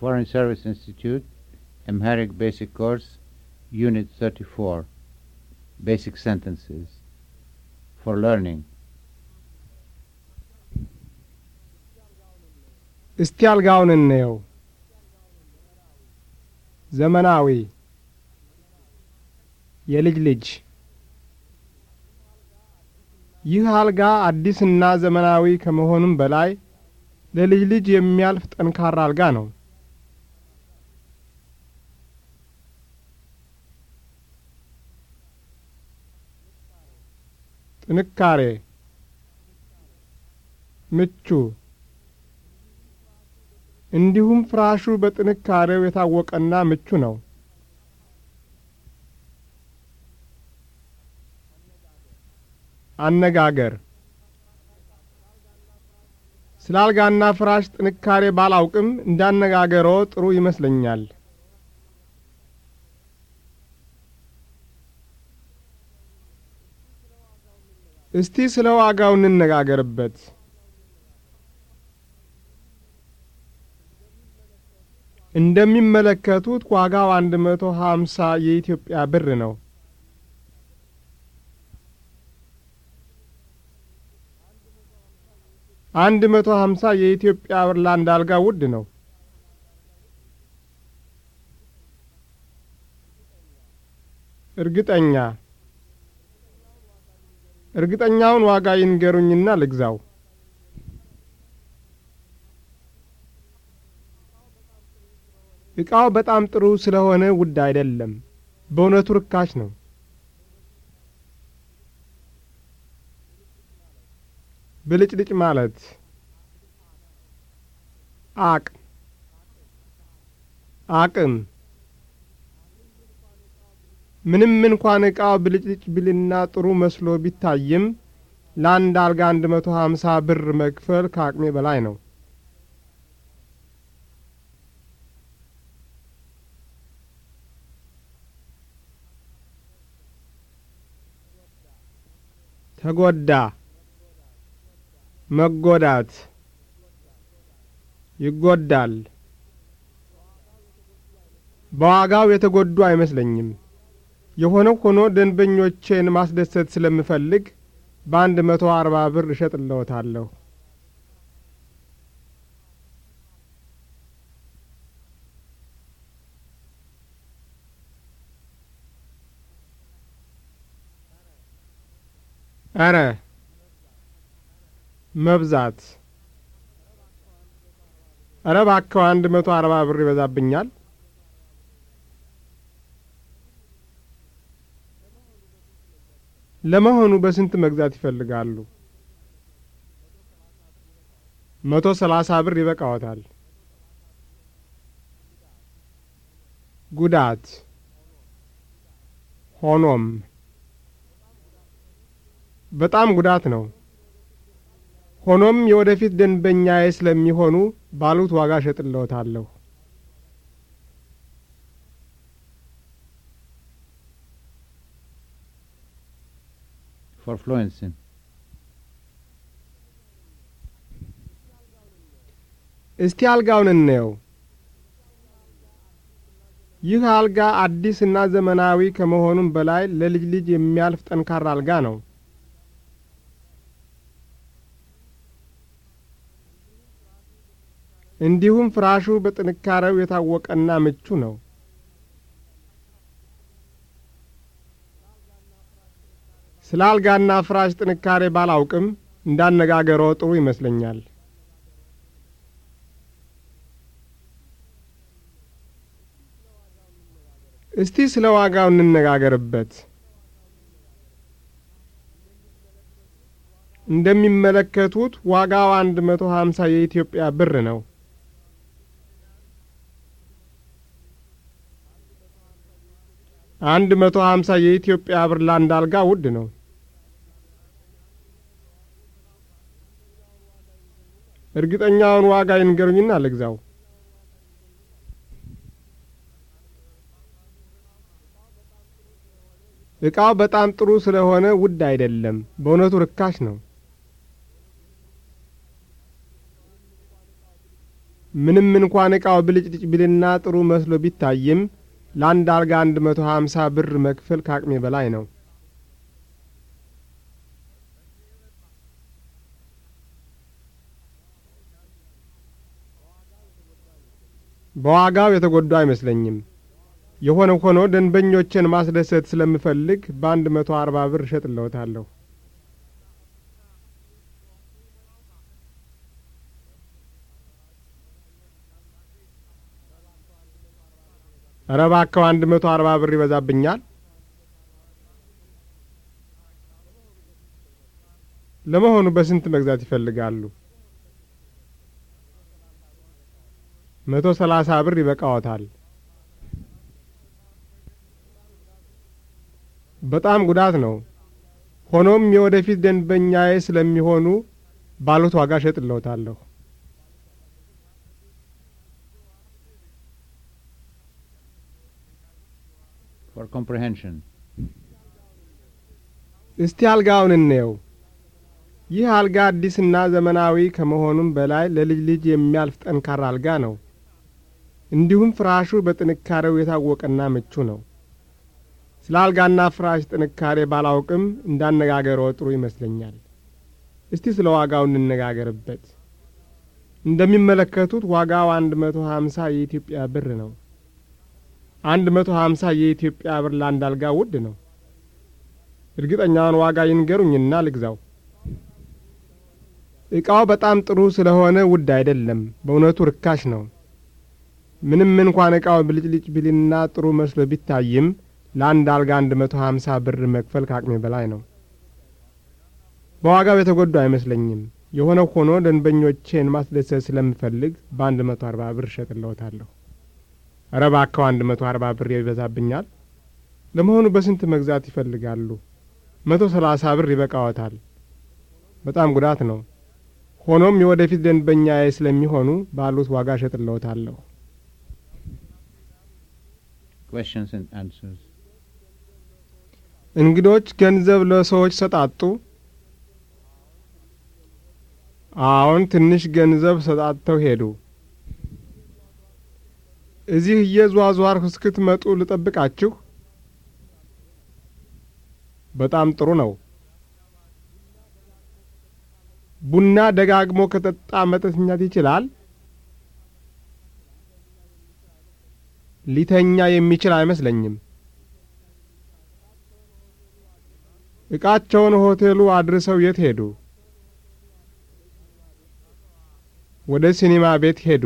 Foreign Service Institute Amharic Basic Course Unit 34 Basic Sentences for Learning እስቲ አልጋውን እንየው። ዘመናዊ የልጅ ልጅ ይህ አልጋ አዲስና ዘመናዊ ከመሆኑም በላይ ለልጅ ልጅ የሚያልፍ ጠንካራ አልጋ ነው። ጥንካሬ፣ ምቹ እንዲሁም ፍራሹ በጥንካሬው የታወቀና ምቹ ነው። አነጋገር ስለ አልጋና ፍራሽ ጥንካሬ ባላውቅም እንዳነጋገረው ጥሩ ይመስለኛል። እስቲ ስለ ዋጋው እንነጋገርበት። እንደሚመለከቱት ዋጋው አንድ መቶ ሀምሳ የኢትዮጵያ ብር ነው። አንድ መቶ ሀምሳ የኢትዮጵያ ብር ለአንድ አልጋ ውድ ነው። እርግጠኛ እርግጠኛውን ዋጋ ይንገሩኝና ልግዛው። ዕቃው በጣም ጥሩ ስለሆነ ውድ አይደለም። በእውነቱ ርካሽ ነው። ብልጭልጭ ማለት አቅ አቅም ምንም እንኳን ዕቃው ብልጭልጭ ቢልና ጥሩ መስሎ ቢታይም ለአንድ አልጋ አንድ መቶ ሀምሳ ብር መክፈል ከአቅሜ በላይ ነው። ተጎዳ፣ መጎዳት፣ ይጎዳል። በዋጋው የተጎዱ አይመስለኝም። የሆነው ሆኖ ደንበኞቼን ማስደሰት ስለምፈልግ በአንድ መቶ አርባ ብር እሸጥለዎታለሁ። አረ መብዛት! አረ ባካው አንድ መቶ አርባ ብር ይበዛብኛል። ለመሆኑ በስንት መግዛት ይፈልጋሉ? መቶ ሰላሳ ብር ይበቃዎታል። ጉዳት ሆኖም በጣም ጉዳት ነው። ሆኖም የወደፊት ደንበኛዬ ስለሚሆኑ ባሉት ዋጋ እሸጥልዎታለሁ። for fluency. እስቲ አልጋውን እንየው። ይህ አልጋ አዲስ እና ዘመናዊ ከመሆኑም በላይ ለልጅ ልጅ የሚያልፍ ጠንካራ አልጋ ነው። እንዲሁም ፍራሹ በጥንካሬው የታወቀና ምቹ ነው። ስለ አልጋና ፍራሽ ጥንካሬ ባላውቅም እንዳነጋገሮ ጥሩ ይመስለኛል። እስቲ ስለ ዋጋው እንነጋገርበት። እንደሚመለከቱት ዋጋው አንድ መቶ ሀምሳ የኢትዮጵያ ብር ነው። አንድ መቶ ሀምሳ የኢትዮጵያ ብር ለአንድ አልጋ ውድ ነው። እርግጠኛውን ዋጋ ይንገሩኝና ልግዛው። እቃው በጣም ጥሩ ስለሆነ ውድ አይደለም፣ በእውነቱ ርካሽ ነው። ምንም እንኳን እቃው ብልጭልጭ ቢልና ጥሩ መስሎ ቢታይም ለአንድ አልጋ አንድ መቶ ሀምሳ ብር መክፈል ከአቅሜ በላይ ነው። በዋጋው የተጐዱ አይመስለኝም። የሆነ ሆኖ ደንበኞቼን ማስደሰት ስለምፈልግ በአንድ መቶ አርባ ብር እሸጥለውታለሁ። ኧረ እባክህ አንድ መቶ አርባ ብር ይበዛብኛል። ለመሆኑ በስንት መግዛት ይፈልጋሉ? መቶ ሰላሳ ብር ይበቃዎታል። በጣም ጉዳት ነው። ሆኖም የወደፊት ደንበኛዬ ስለሚሆኑ ባሉት ዋጋ ሸጥለውታለሁ። እስቲ አልጋውን እንየው። ይህ አልጋ አዲስና ዘመናዊ ከመሆኑም በላይ ለልጅ ልጅ የሚያልፍ ጠንካራ አልጋ ነው። እንዲሁም ፍራሹ በጥንካሬው የታወቀና ምቹ ነው። ስለ አልጋና ፍራሽ ጥንካሬ ባላውቅም እንዳነጋገረው ጥሩ ይመስለኛል። እስቲ ስለ ዋጋው እንነጋገርበት። እንደሚመለከቱት ዋጋው አንድ መቶ ሀምሳ የኢትዮጵያ ብር ነው። አንድ መቶ ሀምሳ የኢትዮጵያ ብር ለአንድ አልጋ ውድ ነው። እርግጠኛውን ዋጋ ይንገሩኝና ልግዛው። ዕቃው በጣም ጥሩ ስለሆነ ውድ አይደለም፣ በእውነቱ ርካሽ ነው። ምንም እንኳን ዕቃው ብልጭልጭ ቢልና ጥሩ መስሎ ቢታይም ለአንድ አልጋ አንድ መቶ ሀምሳ ብር መክፈል ከአቅሜ በላይ ነው። በዋጋው የተጎዱ አይመስለኝም። የሆነ ሆኖ ደንበኞቼን ማስደሰት ስለምፈልግ በአንድ መቶ አርባ ብር እሸጥለውታለሁ። ኧረ እባክዎ አንድ መቶ አርባ ብር ይበዛብኛል። ለመሆኑ በስንት መግዛት ይፈልጋሉ? መቶ ሰላሳ ብር ይበቃዎታል። በጣም ጉዳት ነው። ሆኖም የወደፊት ደንበኛዬ ስለሚሆኑ ባሉት ዋጋ እሸጥለውታለሁ። እንግዶች ገንዘብ ለሰዎች ሰጣጡ? አዎን፣ ትንሽ ገንዘብ ሰጣጥተው ሄዱ። እዚህ እየዟዟርሁ እስክትመጡ ልጠብቃችሁ? በጣም ጥሩ ነው። ቡና ደጋግሞ ከጠጣ መተኛት ይችላል? ሊተኛ የሚችል አይመስለኝም። እቃቸውን ሆቴሉ አድርሰው የት ሄዱ? ወደ ሲኒማ ቤት ሄዱ።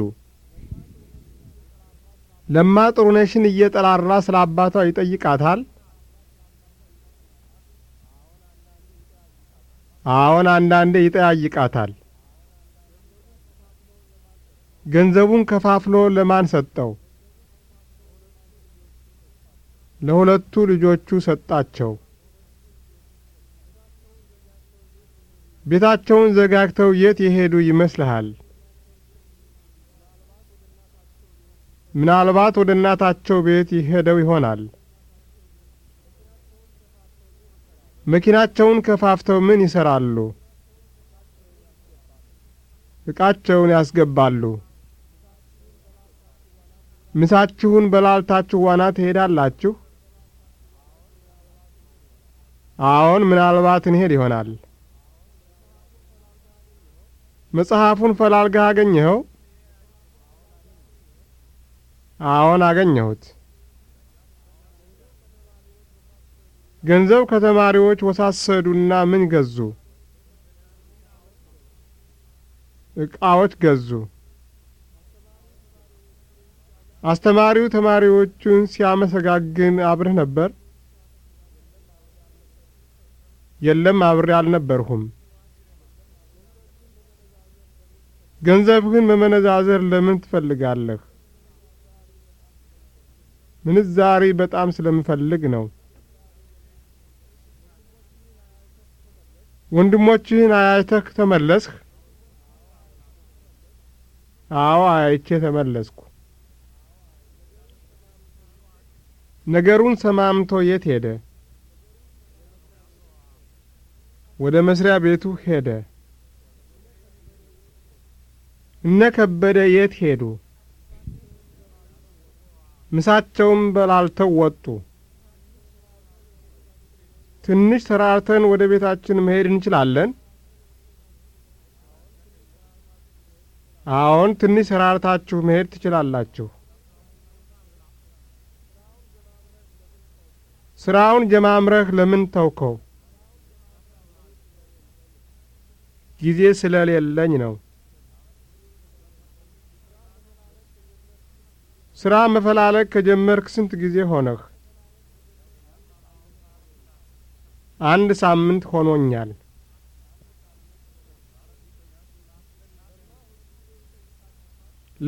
ለማ ጥሩነሽን እየጠራራ ስለ አባቷ ይጠይቃታል። አዎን፣ አንዳንዴ ይጠያይቃታል። ገንዘቡን ከፋፍሎ ለማን ሰጠው? ለሁለቱ ልጆቹ ሰጣቸው። ቤታቸውን ዘጋግተው የት የሄዱ ይመስልሃል? ምናልባት ወደ እናታቸው ቤት ይሄደው ይሆናል። መኪናቸውን ከፋፍተው ምን ይሰራሉ? ዕቃቸውን ያስገባሉ። ምሳችሁን በላልታችሁ ዋና ትሄዳላችሁ? አሁን ምናልባት እንሄድ ይሆናል። መጽሐፉን ፈላልገህ አገኘኸው? አዎን፣ አገኘሁት። ገንዘብ ከተማሪዎች ወሳሰዱና ምን ገዙ? ዕቃዎች ገዙ። አስተማሪው ተማሪዎቹን ሲያመሰጋግን አብረህ ነበር? የለም አብሬ አልነበርሁም። ገንዘብህን መመነዛዘር ለምን ትፈልጋለህ? ምንዛሪ በጣም ስለምፈልግ ነው። ወንድሞችህን አያይተህ ተመለስህ? አዎ አያይቼ ተመለስኩ። ነገሩን ሰማምቶ የት ሄደ? ወደ መስሪያ ቤቱ ሄደ። እነ ከበደ የት ሄዱ? ምሳቸውም በላልተው ወጡ። ትንሽ ተራርተን ወደ ቤታችን መሄድ እንችላለን? አዎን፣ ትንሽ ተራርታችሁ መሄድ ትችላላችሁ። ስራውን ጀማምረህ ለምን ተውከው? ጊዜ ስለሌለኝ ነው። ስራ መፈላለግ ከጀመርክ ስንት ጊዜ ሆነህ? አንድ ሳምንት ሆኖኛል።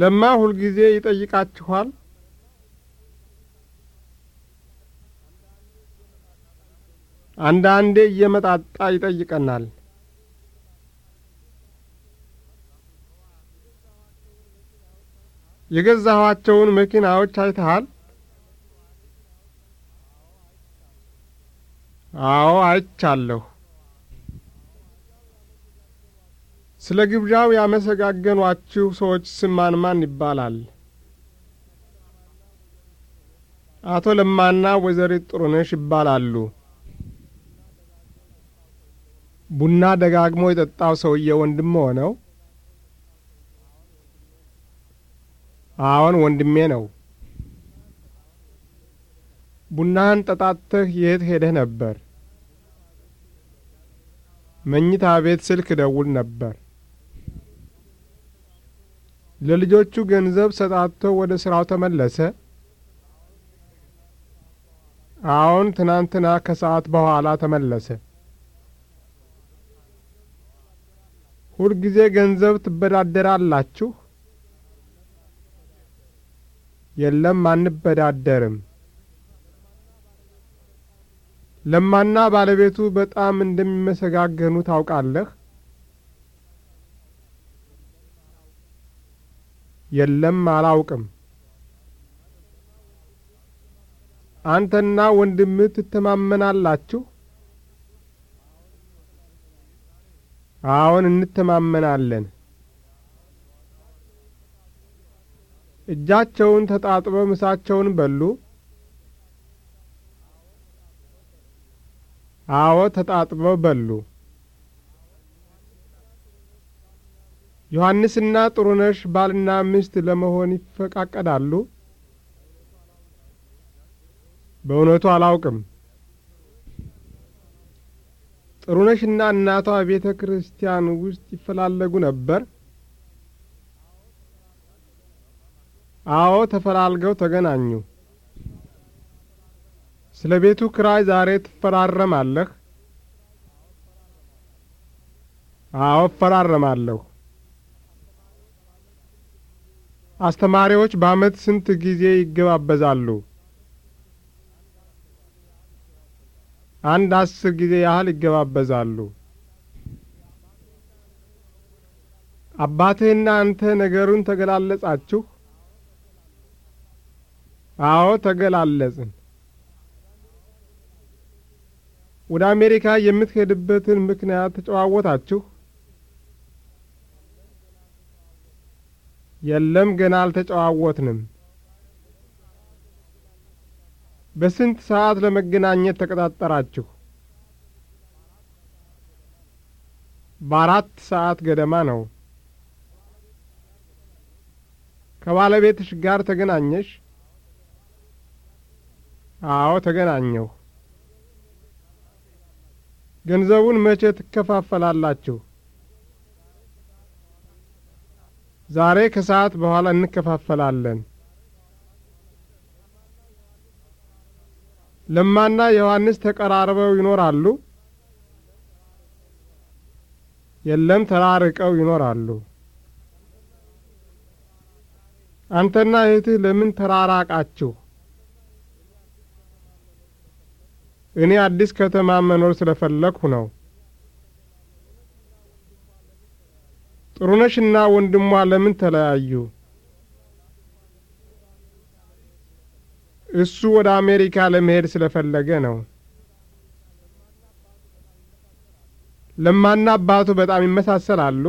ለማ ሁልጊዜ ይጠይቃችኋል? አንዳንዴ እየመጣጣ ይጠይቀናል። የገዛኋቸውን መኪናዎች አይተሃል? አዎ አይቻለሁ። ስለ ግብዣው ያመሰጋገኗችሁ ሰዎች ስም ማን ማን ይባላል? አቶ ለማና ወይዘሪት ጥሩነሽ ይባላሉ። ቡና ደጋግሞ የጠጣው ሰውዬ ወንድም ሆነው አዎን ወንድሜ ነው። ቡናህን ጠጣተህ የት ሄደህ ነበር? መኝታ ቤት ስልክ ደውል ነበር። ለልጆቹ ገንዘብ ሰጣቶ ወደ ሥራው ተመለሰ? አዎን ትናንትና ከሰዓት በኋላ ተመለሰ። ሁልጊዜ ገንዘብ ትበዳደራላችሁ? የለም አንበዳደርም። ለማና ባለቤቱ በጣም እንደሚመሰጋገኑ ታውቃለህ? የለም አላውቅም። አንተና ወንድምህ ትተማመናላችሁ? አዎን እንተማመናለን። እጃቸውን ተጣጥበው ምሳቸውን በሉ? አዎ ተጣጥበው በሉ። ዮሐንስና ጥሩነሽ ባልና ሚስት ለመሆን ይፈቃቀዳሉ? በእውነቱ አላውቅም። ጥሩነሽና እናቷ ቤተ ክርስቲያን ውስጥ ይፈላለጉ ነበር? አዎ ተፈላልገው ተገናኙ። ስለ ቤቱ ክራይ ዛሬ ትፈራረማለህ? አዎ እፈራረማለሁ። አስተማሪዎች በዓመት ስንት ጊዜ ይገባበዛሉ? አንድ አስር ጊዜ ያህል ይገባበዛሉ። አባትህና አንተ ነገሩን ተገላለጻችሁ? አዎ ተገላለጽን። ወደ አሜሪካ የምትሄድበትን ምክንያት ተጨዋወታችሁ? የለም ገና አልተጨዋወትንም። በስንት ሰዓት ለመገናኘት ተቀጣጠራችሁ? በአራት ሰዓት ገደማ ነው። ከባለቤትሽ ጋር ተገናኘሽ? አዎ ተገናኘሁ። ገንዘቡን መቼ ትከፋፈላላችሁ? ዛሬ ከሰዓት በኋላ እንከፋፈላለን። ለማና ዮሐንስ ተቀራርበው ይኖራሉ? የለም፣ ተራርቀው ይኖራሉ። አንተና እህትህ ለምን ተራራቃችሁ? እኔ አዲስ ከተማ መኖር ስለፈለግሁ ነው። ጥሩነሽና ወንድሟ ለምን ተለያዩ? እሱ ወደ አሜሪካ ለመሄድ ስለፈለገ ነው። ለማና አባቱ በጣም ይመሳሰላሉ።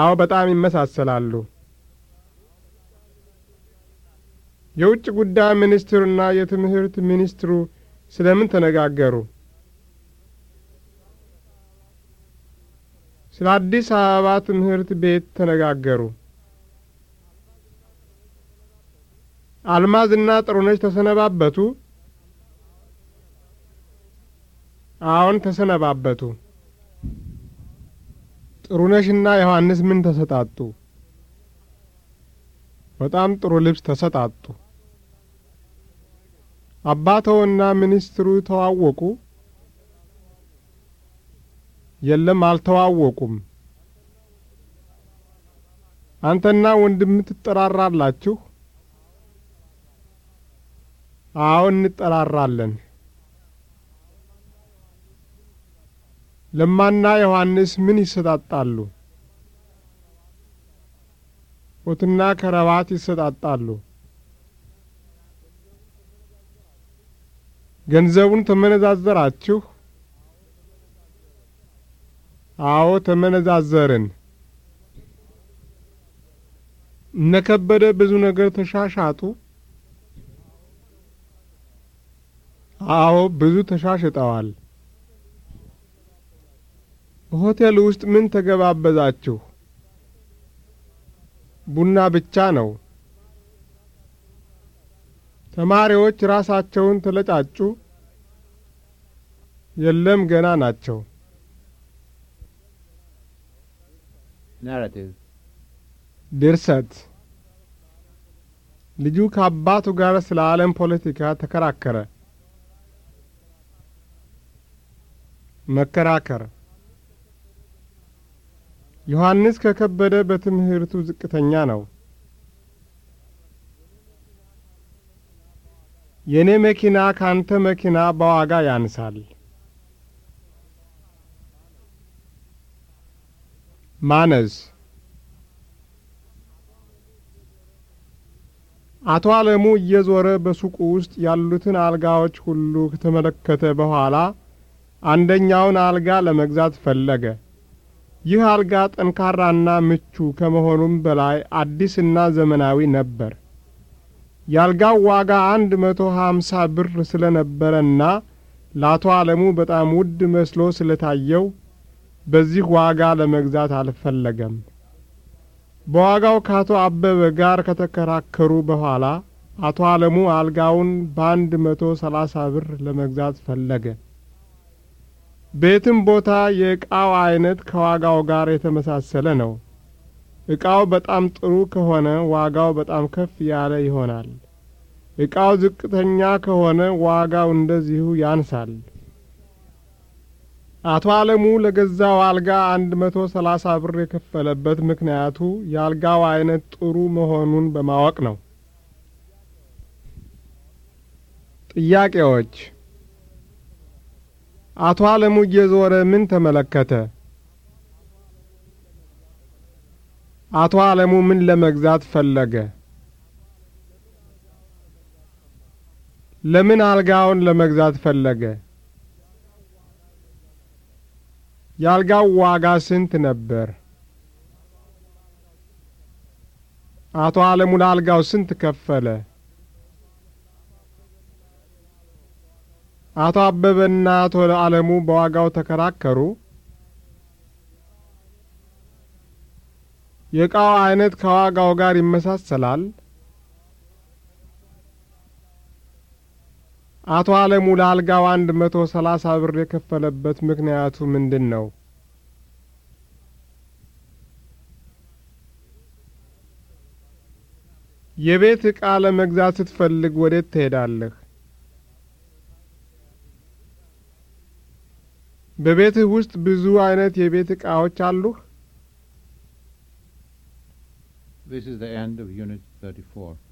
አዎ፣ በጣም ይመሳሰላሉ። የውጭ ጉዳይ ሚኒስትሩና የትምህርት ሚኒስትሩ ስለምን ተነጋገሩ? ስለ አዲስ አበባ ትምህርት ቤት ተነጋገሩ። አልማዝና ጥሩነች ተሰነባበቱ? አዎን ተሰነባበቱ። ጥሩነሽና ዮሐንስ ምን ተሰጣጡ? በጣም ጥሩ ልብስ ተሰጣጡ። አባተውና ሚኒስትሩ ተዋወቁ? የለም፣ አልተዋወቁም። አንተና ወንድም ትጠራራላችሁ? አዎ፣ እንጠራራለን። ለማና ዮሐንስ ምን ይሰጣጣሉ? ኦትና ከረባት ይሰጣጣሉ። ገንዘቡን ተመነዛዘራችሁ? አዎ ተመነዛዘርን። እነ ከበደ ብዙ ነገር ተሻሻጡ? አዎ ብዙ ተሻሽጠዋል። ሆቴል ውስጥ ምን ተገባበዛችሁ? ቡና ብቻ ነው። ተማሪዎች ራሳቸውን ተለጫጩ? የለም ገና ናቸው። ናራቲቭ ድርሰት ልጁ ከአባቱ ጋር ስለ ዓለም ፖለቲካ ተከራከረ። መከራከር ዮሐንስ ከከበደ በትምህርቱ ዝቅተኛ ነው። የእኔ መኪና ካንተ መኪና በዋጋ ያንሳል። ማነዝ አቶ አለሙ እየዞረ በሱቁ ውስጥ ያሉትን አልጋዎች ሁሉ ከተመለከተ በኋላ አንደኛውን አልጋ ለመግዛት ፈለገ። ይህ አልጋ ጠንካራና ምቹ ከመሆኑም በላይ አዲስና ዘመናዊ ነበር። የአልጋው ዋጋ አንድ መቶ ሀምሳ ብር ስለነበረና ለአቶ አለሙ በጣም ውድ መስሎ ስለታየው በዚህ ዋጋ ለመግዛት አልፈለገም። በዋጋው ከአቶ አበበ ጋር ከተከራከሩ በኋላ አቶ አለሙ አልጋውን በአንድ መቶ ሰላሳ ብር ለመግዛት ፈለገ። ቤትም ቦታ የዕቃው አይነት ከዋጋው ጋር የተመሳሰለ ነው። ዕቃው በጣም ጥሩ ከሆነ ዋጋው በጣም ከፍ ያለ ይሆናል። ዕቃው ዝቅተኛ ከሆነ ዋጋው እንደዚሁ ያንሳል። አቶ አለሙ ለገዛው አልጋ አንድ መቶ ሰላሳ ብር የከፈለበት ምክንያቱ የአልጋው አይነት ጥሩ መሆኑን በማወቅ ነው። ጥያቄዎች። አቶ አለሙ እየዞረ ምን ተመለከተ? አቶ አለሙ ምን ለመግዛት ፈለገ? ለምን አልጋውን ለመግዛት ፈለገ? የአልጋው ዋጋ ስንት ነበር? አቶ አለሙ ለአልጋው ስንት ከፈለ? አቶ አበበና አቶ አለሙ በዋጋው ተከራከሩ? የእቃው አይነት ከዋጋው ጋር ይመሳሰላል? አቶ አለሙ ለአልጋው አንድ መቶ ሰላሳ ብር የከፈለበት ምክንያቱ ምንድን ነው? የቤት ዕቃ ለመግዛት ስትፈልግ ወዴት ትሄዳለህ? በቤትህ ውስጥ ብዙ አይነት የቤት ዕቃዎች አሉህ? This is the end of Unit 34.